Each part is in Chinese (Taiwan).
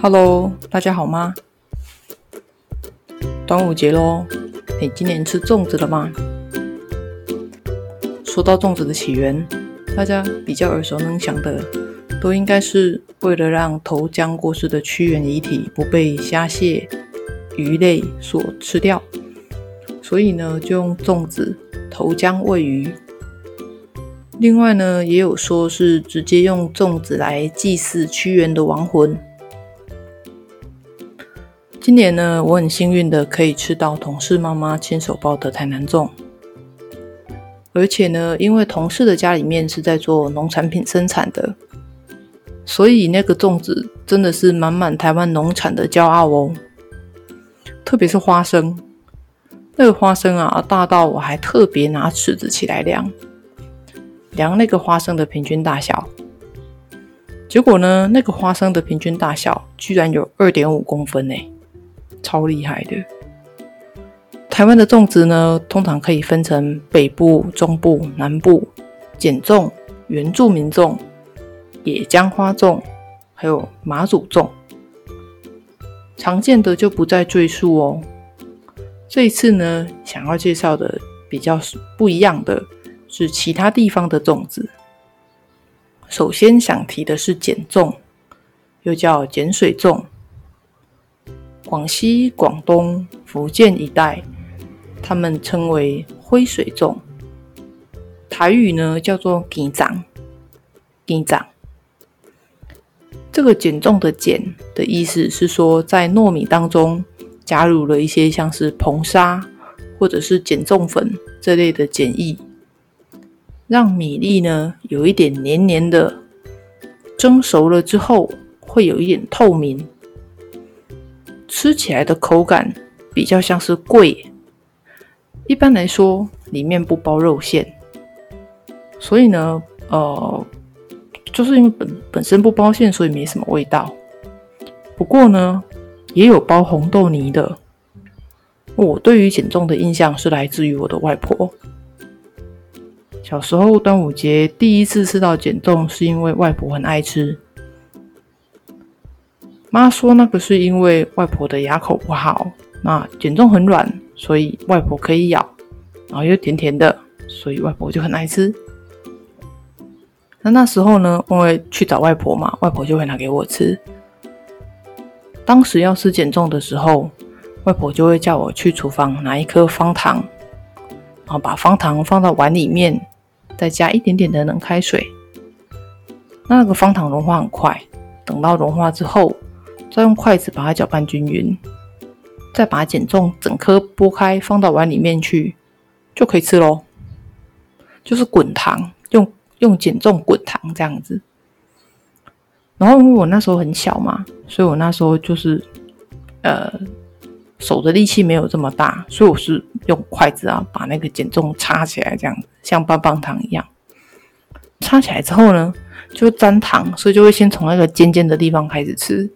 Hello，大家好嗎？端午節嘍，你今年吃粽子了嗎？說到粽子的起源，大家比較耳熟能詳的，都應該是為了讓投江過世的屈原遺體不被蝦蟹、魚類所吃掉，所以呢，就用粽子投江餵魚。另外呢，也有說是直接用粽子來祭祀屈原的亡魂。今年呢，我很幸運的可以吃到同事媽媽親手包的台南粽，而且呢，因為同事的家裡面是在做農產品生產的，所以那個粽子真的是滿滿台灣農產的驕傲哦。特別是花生，那個花生啊，大到我還特別拿尺子起來量，量那個花生的平均大小，結果呢，那個花生的平均大小居然有二點五公分誒、欸。超厲害的！台灣的粽子呢，通常可以分成北部、中部、南部、鹼粽、原住民粽、野薑花粽，還有馬祖粽。常見的就不再贅述哦。這一次呢，想要介紹的比較不一樣的，是其他地方的粽子。首先想提的是鹼粽，又叫鹼水粽。廣西、廣東、福建一帶，他們稱為灰水粽。台語呢叫做“鹼粽”，“鹼粽”。這個「鹼粽」的「鹼」的意思是說，在糯米當中加入了一些像是硼砂或者是鹼粽粉這類的鹼液，讓米粒呢有一點黏黏的。蒸熟了之後，會有一點透明。吃起來的口感比較像是桂，一般來說裡面不包肉餡，所以呢，呃，就是因為本本身不包餡，所以沒什麼味道。不過呢，也有包紅豆泥的。我對於鹼粽的印象是來自於我的外婆。小時候端午節第一次吃到鹼粽是因為外婆很愛吃。媽說，那個是因為外婆的牙口不好，那鹼粽很軟，所以外婆可以咬，然後又甜甜的，所以外婆就很愛吃。那那時候呢，因為去找外婆嘛，外婆就會拿給我吃。當時要吃鹼粽的時候，外婆就會叫我去廚房拿一顆方糖，然後把方糖放到碗裡面，再加一點點的冷開水，那個方糖融化很快，等到融化之後。再用筷子把它攪拌均勻，再把鹼粽整顆剝開，放到碗裡面去，就可以吃嘍。就是滾糖，用用鹼粽滾糖這樣子。然後因為我那時候很小嘛，所以我那時候就是呃，手的力氣沒有這麼大，所以我是用筷子啊把那個鹼粽插起來，這樣子像棒棒糖一樣插起來之後呢，就粘沾糖，所以就會先從那個尖尖的地方開始吃。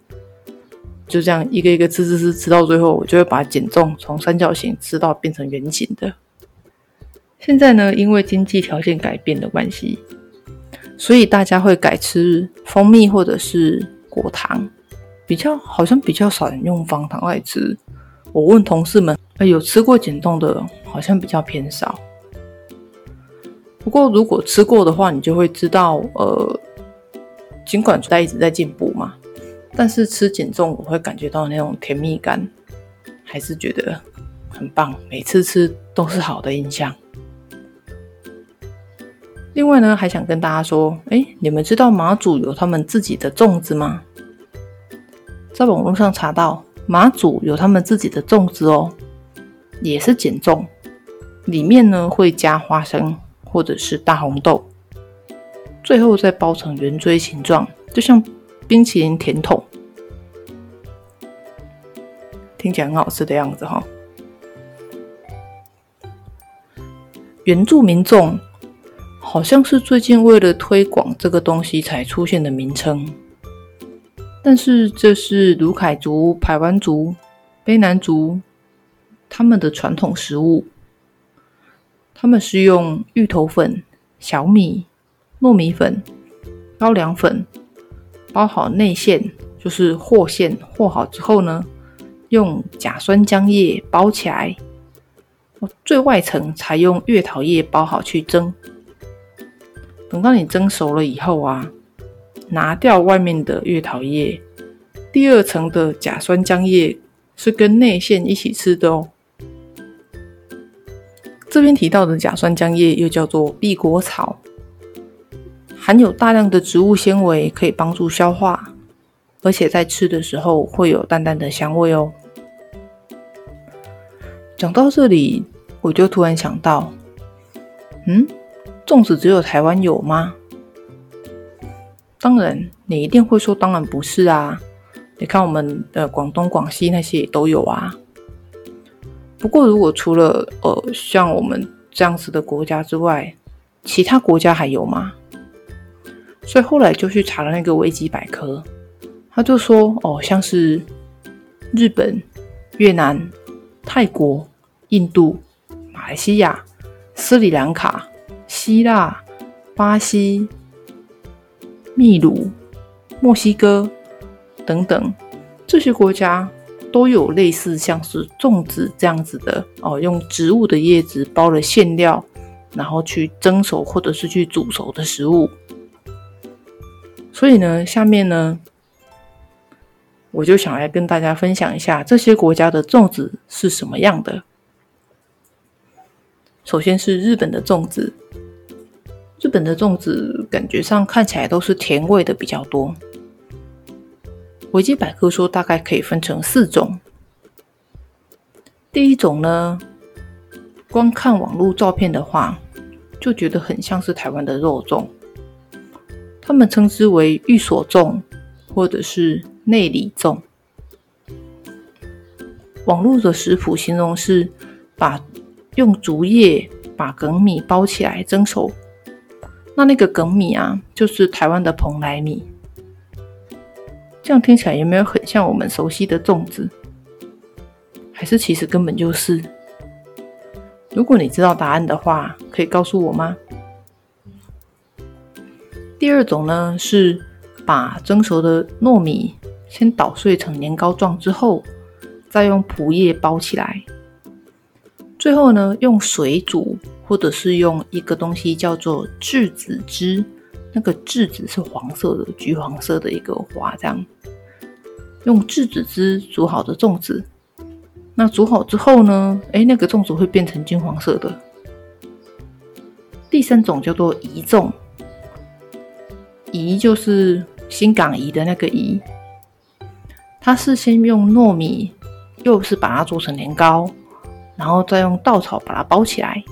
就這樣一個一個吃吃吃，吃到最後，我就會把鹼粽從三角形吃到變成圓形的。現在呢，因為經濟條件改變的關係，所以大家會改吃蜂蜜或者是果糖，比較好像比較少人用方糖來吃。我問同事們，哎，有吃過鹼粽的，好像比較偏少。不過如果吃過的話，你就會知道，呃，儘管大家一直在進步嘛。但是吃鹼粽，我會感覺到那種甜蜜感，還是覺得很棒。每次吃都是好的印象。另外呢，還想跟大家說，哎，你們知道馬祖有他們自己的粽子嗎？在網絡上查到，馬祖有他們自己的粽子哦，也是鹼粽，裡面呢會加花生或者是大紅豆，最後再包成圓錐形狀，就像冰淇淋甜筒，聽起來很好吃的樣子哈。原住民粽好像是最近為了推廣這個東西才出現的名稱，但是這是魯凱族、排灣族、卑南族他們的傳統食物。他們是用芋頭粉、小米、糯米粉、高粱粉。包好內餡就是和餡，和好之後呢，用假酸漿葉包起來，最外層採用月桃葉包好去蒸。等到你蒸熟了以後啊，拿掉外面的月桃葉，第二層的假酸漿葉是跟內餡一起吃的哦、喔。這邊提到的假酸漿葉又叫做碧果草。含有大量的植物纖維，可以幫助消化，而且在吃的時候會有淡淡的香味哦。講到這裡，我就突然想到，嗯，粽子只有台灣有嗎？當然，你一定會說當然不是啊，你看我們的、呃、廣東、廣西那些也都有啊。不過，如果除了呃像我們這樣子的國家之外，其他國家還有嗎？所以後來就去查了那個維基百科，他就說：“哦，像是日本、越南、泰國、印度、馬來西亞、斯里蘭卡、希臘、巴西、秘魯、墨西哥等等這些國家，都有類似像是粽子這樣子的哦，用植物的葉子包了餡料，然後去蒸熟或者是去煮熟的食物。”所以呢，下面呢，我就想來跟大家分享一下這些國家的粽子是什麼樣的。首先是日本的粽子，日本的粽子感覺上看起來都是甜味的比較多。維基百科說大概可以分成四種。第一種呢，光看網絡照片的話，就覺得很像是台灣的肉粽。他們稱之為御所粽，或者是內裡粽。網絡的食譜形容是把用竹葉把粳米包起來蒸熟。那那個粳米啊，就是台灣的蓬萊米。這樣聽起來有沒有很像我們熟悉的粽子？還是其實根本就是？如果你知道答案的話，可以告訴我嗎？第二種呢，是把蒸熟的糯米先搗碎成年糕狀之後，再用蒲葉包起來，最後呢用水煮，或者是用一個東西叫做梔子汁，那個梔子是黃色的、橘黃色的一個花這樣，章用梔子汁煮好的粽子，那煮好之後呢，哎，那個粽子會變成金黃色的。第三種叫做移粽。飴就是新港飴的那個飴，它是先用糯米，又是把它做成年糕，然後再用稻草把它包起來。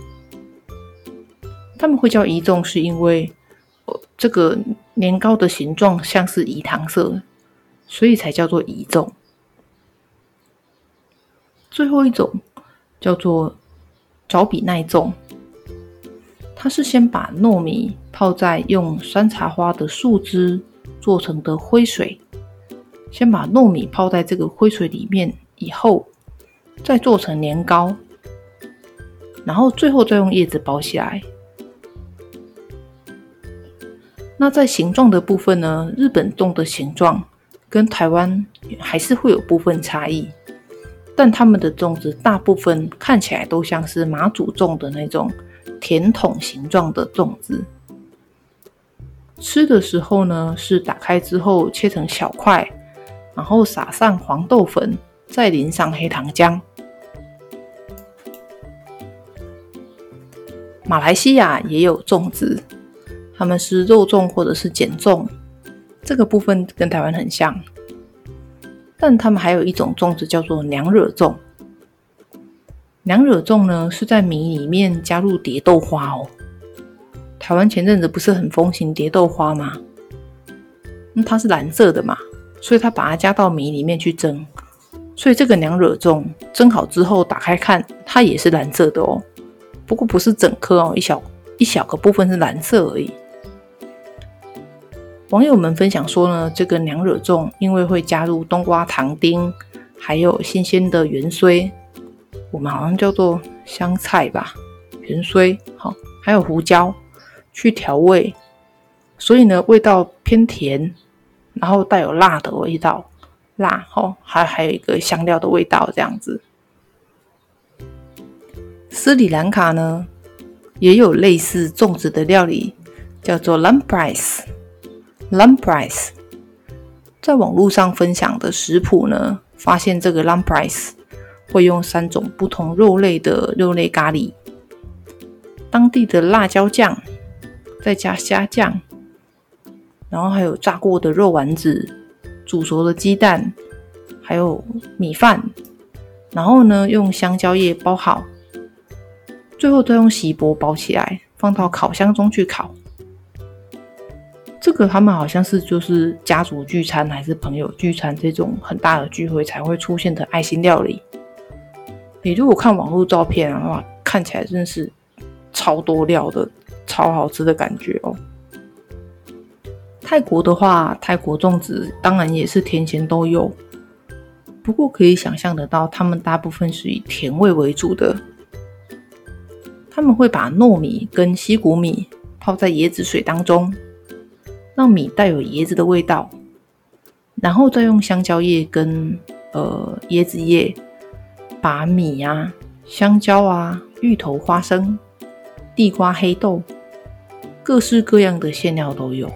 他們會叫飴粽，是因為、呃、這個年糕的形狀像是飴糖色，所以才叫做飴粽。最後一種叫做找筆奈粽。它是先把糯米泡在用山茶花的樹枝做成的灰水，先把糯米泡在這個灰水裡面以後，再做成年糕，然後最後再用葉子包起來。那在形狀的部分呢？日本粽的形狀跟台灣還是會有部分差異，但他們的粽子大部分看起來都像是馬祖粽的那種。甜筒形狀的粽子，吃的時候呢，是打開之後切成小塊，然後撒上黃豆粉，再淋上黑糖漿。馬來西亞也有粽子，他們是肉粽或者是鹼粽，這個部分跟台灣很像，但他們還有一種粽子叫做娘惹粽。娘惹粽呢，是在米裡面加入蝶豆花哦。台灣前陣子不是很風行蝶豆花嗎？那、嗯、它是藍色的嘛，所以它把它加到米裡面去蒸。所以這個娘惹粽蒸好之後打開看，它也是藍色的哦。不過不是整顆哦，一小一小個部分是藍色而已。網友們分享說呢，這個娘惹粽因為會加入冬瓜糖丁，還有新鮮的芫荽，我們好像叫做香菜吧，芫荽。好、哦，還有胡椒去調味，所以呢，味道偏甜，然後帶有辣的味道，辣，好、哦，還還有一個香料的味道這樣子。斯里蘭卡呢，也有類似粽子的料理，叫做 lamprais，lamprais，在網絡上分享的食譜呢，發現這個 lamprais 會用三種不同肉類的肉類咖喱，當地的辣椒醬，再加蝦醬，然後還有炸過的肉丸子、煮熟的雞蛋，還有米飯，然後呢用香蕉葉包好，最後再用錫箔包起來，放到烤箱中去烤。這個他們好像是就是家族聚餐還是朋友聚餐這種很大的聚會才會出現的愛心料理。你如果看網絡照片的話，看起來真是超多料的、超好吃的感覺哦。泰國的話，泰國粽子當然也是甜鹹都有，不過可以想象得到，他們大部分是以甜味為主的。他們會把糯米跟西谷米泡在椰子水當中，讓米帶有椰子的味道，然後再用香蕉葉跟，呃，椰子葉。把米啊、香蕉啊、芋頭、花生、地瓜、黑豆，各式各樣的餡料都有。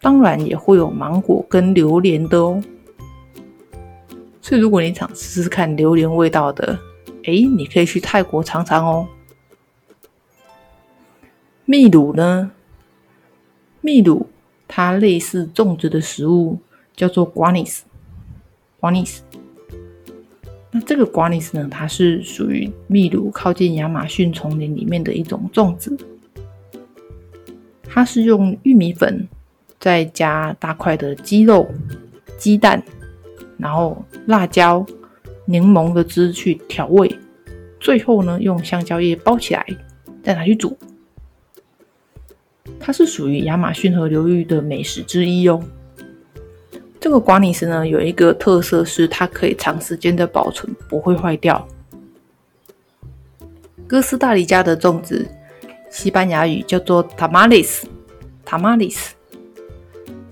當然也會有芒果跟榴蓮的哦。所以如果你想試試看榴蓮味道的，誒，你可以去泰國嘗嘗哦。秘魯呢？秘魯它類似種植的食物叫做 Juanes，Juanes。這個瓜尼斯呢，它是屬於秘魯靠近亞馬遜叢林裡面的一種粽子。它是用玉米粉，再加大塊的雞肉、雞蛋，然後辣椒、檸檬的汁去調味，最後呢用香蕉葉包起來，再拿去煮。它是屬於亞馬遜河流域的美食之一哦。這個瓜尼斯呢，有一個特色是它可以長時間的保存，不會壞掉。哥斯達黎加的粽子，西班牙語叫做 tamales，tamales。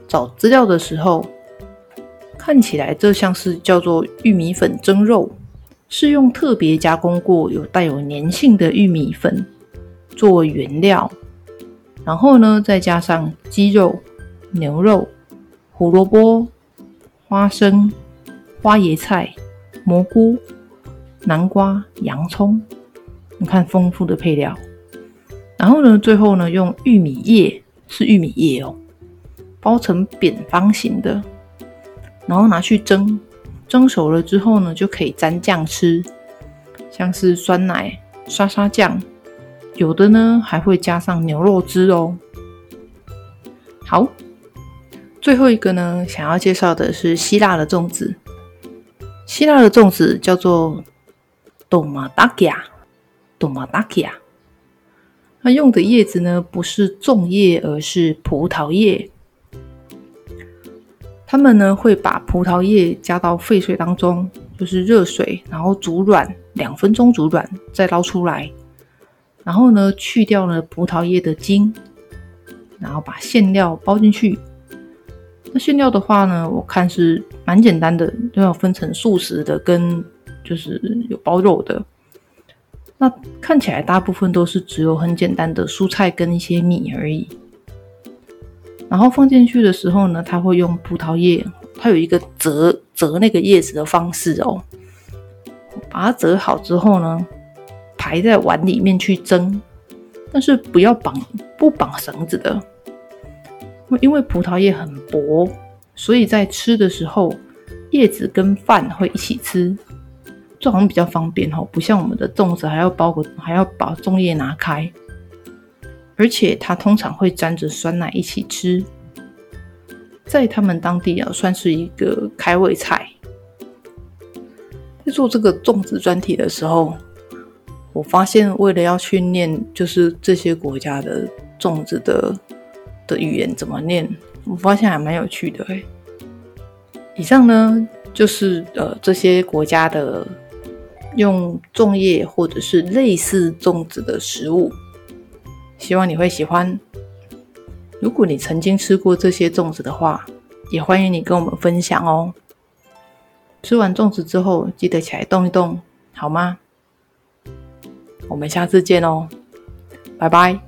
找資料的時候，看起來這像是叫做玉米粉蒸肉，是用特別加工過、有帶有粘性的玉米粉做原料，然後呢再加上雞肉、牛肉、胡蘿蔔。花生、花椰菜、蘑菇、南瓜、洋蔥，你看豐富的配料。然後呢，最後呢，用玉米葉，是玉米葉哦，包成扁方形的，然後拿去蒸。蒸熟了之後呢，就可以沾醬吃，像是酸奶、沙沙醬，有的呢還會加上牛肉汁哦。好。最後一個呢，想要介紹的是希臘的粽子。希臘的粽子叫做 Dolmadakia，Dolmadakia。它用的葉子呢，不是粽葉，而是葡萄葉。他們呢會把葡萄葉加到沸水當中，就是熱水，然後煮軟兩分鐘，煮軟再撈出來，然後呢去掉了葡萄葉的筋，然後把餡料包進去。那餡料的話呢，我看是蠻簡單的，都要分成素食的跟就是有包肉的。那看起來大部分都是只有很簡單的蔬菜跟一些米而已。然後放進去的時候呢，它會用葡萄葉，它有一個折，折那個葉子的方式哦。把它折好之後呢，排在碗裡面去蒸，但是不要綁，不綁繩子的。因為葡萄葉很薄，所以在吃的時候，葉子跟飯會一起吃，這好像比較方便哈、哦，不像我們的粽子還要包裹，還要把粽葉拿開。而且它通常會沾着酸奶一起吃，在他們當地啊，算是一個開胃菜。在做這個粽子專題的時候，我發現為了要去念，就是這些國家的粽子的。的語言怎麼念？我發現還蠻有趣的欸。以上呢，就是呃這些國家的用粽葉或者是類似粽子的食物，希望你會喜歡。如果你曾經吃過這些粽子的話，也歡迎你跟我們分享哦。吃完粽子之後，記得起來動一動，好嗎？我們下次見哦，拜拜。